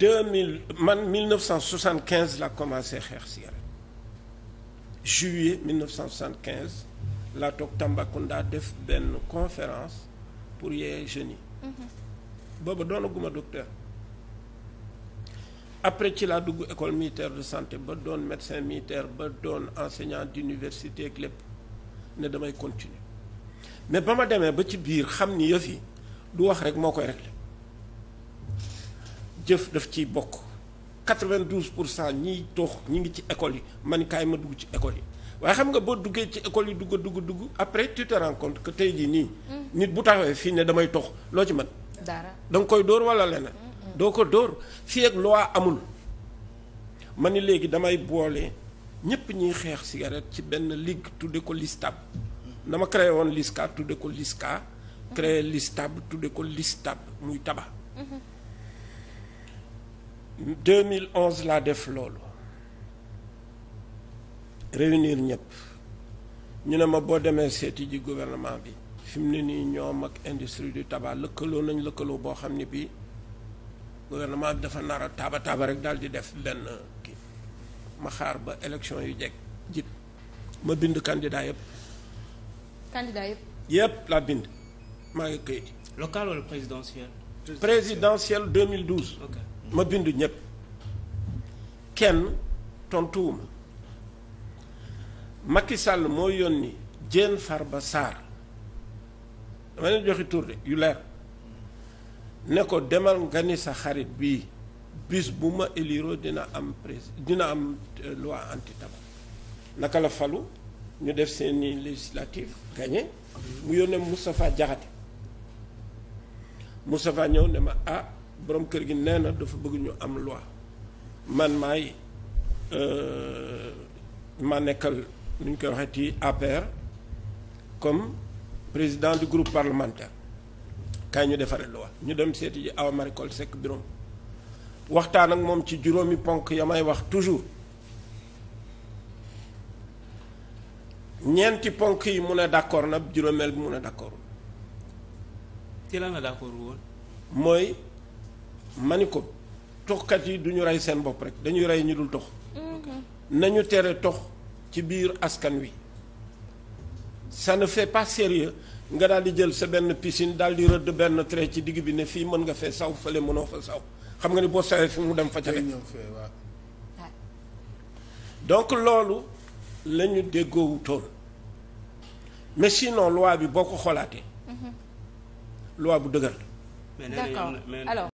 deux mille man 1975 la commencé xeex cigarette juillet 1975 laa toog Tambacounda def benn conférence pour yee jeunes yi. booba doonaguma docteur. après ci laa dugg école militaire de santé ba doon médecin militaire ba doon enseignant d'université ak lépp ne damay continuer mais ba ma demee ba ci biir xam ni yëf du wax rek moo koy régler jëf def ci bokk 92 pour cent ñiy toox ñi ngi ci école yi man kaay ma dugg ci école yi waaye xam nga boo duggee ci école yi dugg dugg dugg après tu te rends que tey jii nii. Mm. nit bu taxawee fii ne damay toox loo ci man dara da koy dóor wala leneen. Mm, mm. doo ko dóor fii ak loi amul. ma ni léegi damay boole ñëpp ñuy xeex cigarette ci benn ligue de ko listab dama créé woon liska tudde ko liska. créé listab tudde ko listab muy taba mm-hmm. 2011 laa def loolu réunir ñëpp ñu ne ma boo demee seeti ji gouvernement bi fi mu ne nii ñoom ak industrie du tabac lëkkaloo nañ lëkkaloo boo xam ne bii gouvernement bi dafa nar a taaba taaba rek daal di def benn kii ma xaar ba élection yu jeg jib ma bind candidat yëpp. candidat yëpp. yëpp laa bind maa ngi koy. local wala présidentiel. présidentiel 2012. Okay. ma bindu ñëpp kenn tontuwuma Macky Sall moo yónni Diène Farba Sarr dama leen joxi tur de yu leer ne ko demal nga ni sa xarit bi bis bu ma éliroo dina am prés dina am euh, loi anti tabac naka la falu ñu def seeni législative gagné mu yónnee Moustapha Diakhaté Moustapha ñëw ne ma ah borom kër gi nee na dafa bëgg ñu am loi man maay euh, ma nekkal nu koy waxee ci APR comme président du groupe parlementaire kaay ñu defaree loi ñu dem seeti ji Awa Marie Coll Seck waxtaan ak moom ci juróomi ponk ya may wax toujours ñeenti ponk yi mu ne d'accord na juróomeel bi mu ne d'accord. ci lan la d'accord woon. mooy. ma ni ko toxkat yi du ñu rey seen bopp rek dañuy rey ñu dul tox nañu tere tox ci biir askan wi ça ne fait pas nga daal di jël sa benn piscine daal di rëdd benn trait ci digg bi ne fii mën nga fee saw fële mënoo fa saw xam nga ni boo sawee fi mu dem fa ca donc loolu la ñu déggoowu mais sinon loi bi boo ko xoolaatee. Mhm. loi bu dëgër. d'accord alors.